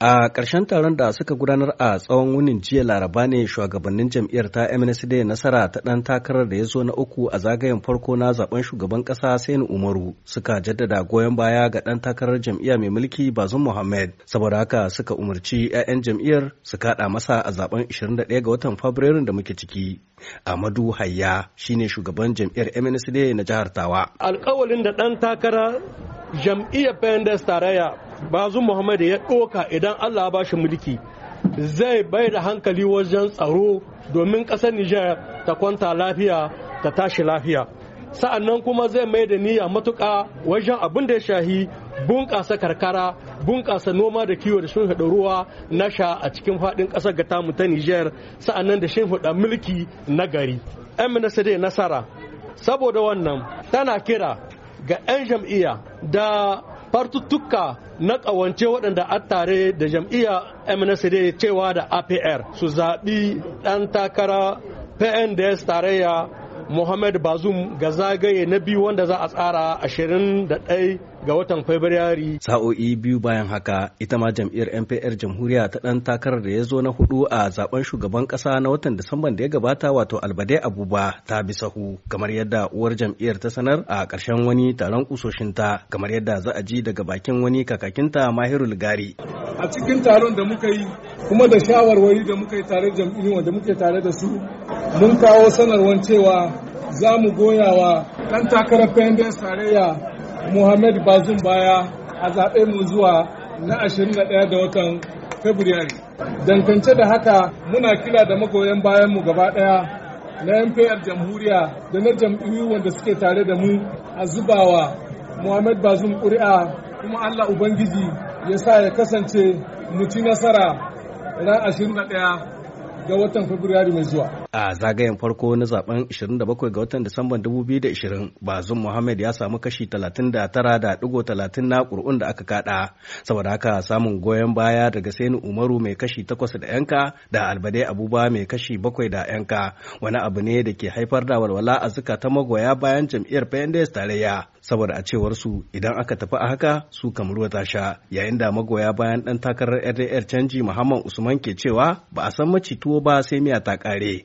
A ƙarshen taron da suka gudanar a tsawon wunin jiya laraba ne shugabannin jam'iyyar ta MNSD nasara ta ɗan takarar da ya zo na uku a zagayen farko na zaben shugaban ƙasa Sani Umaru suka jaddada goyon baya ga ɗan takarar jam'iyya mai mulki Bazum Muhammad saboda haka suka umarci 'ya'yan jam'iyyar su kaɗa masa a zaben 21 ga watan Fabrairun da muke ciki. Amadu Hayya shine shugaban jam'iyyar MNSD na jihar Tawa. Alƙawalin da ɗan takara jam'iyyar PNDS tarayya bazu Muhammadu ya ɗoka idan allah ba shi mulki zai bai da hankali wajen tsaro domin ƙasar nijar ta kwanta lafiya ta tashi lafiya sa'annan kuma zai mai da niyya matuƙa wajen abin da ya shahi bunƙasa karkara bunƙasa noma da kiwo da shimfiɗa ruwa na sha a cikin faɗin ƙasar ga tamu ta Nijar sa'annan da shimfiɗa mulki na gari. ‘Yan minista dai nasara saboda wannan tana kira ga 'yan jam'iyya da fartuttuka na ƙawance waɗanda a tare da jam'iyya MNSD cewa da APR su zaɓi ɗan takara PNDS tarayya Mohamed Bazoum ga zagaye na biyu wanda za a tsara 21 ga watan Fabrairu. Sa'o'i biyu bayan haka ita ma jam'iyyar NPR jamhuriya ta ɗan takarar da ya zo na hudu a zaben shugaban ƙasa na watan Disamban da ya gabata wato Albade Abuba ta bi sahu kamar yadda uwar jam'iyyar ta sanar a ƙarshen wani taron kusoshinta kamar yadda za a ji daga bakin wani kakakinta Mahirul Gari. a cikin taron da muka yi kuma da shawarwari da muka yi tare jam'iyyu wanda muke tare da su mun kawo sanarwar cewa za mu goya wa ɗan takarar pendes tarayya muhammad bazum baya a zaɓe mu zuwa na 21 da watan fabrairu dangance da haka muna kira da magoyan bayanmu gaba ɗaya na mpr jamhuriya da na jam'iyyu wanda suke tare da mu a zubawa muhammad bazum ƙuri'a kuma allah ubangiji ya sa ya kasance mu ci nasara ran 21 ga watan Fabrairu mai zuwa. a zagayen farko na zaben 27 ga watan Disamban 2020 bazum Muhammad ya samu kashi da 39.30 na kur'un da aka kada saboda haka samun goyon baya daga Sainu Umaru mai kashi 8 da yanka da Albade Abuba mai kashi 7 da yanka wani abu ne da ke haifar da walwala a ta magoya bayan jam'iyyar PNDS tarayya saboda a cewar su idan aka tafi a haka su kamar ruwa ta sha yayin da magoya bayan dan takarar RDR canji Muhammad Usman ke cewa ba a san maci tuwo ba sai miya ta kare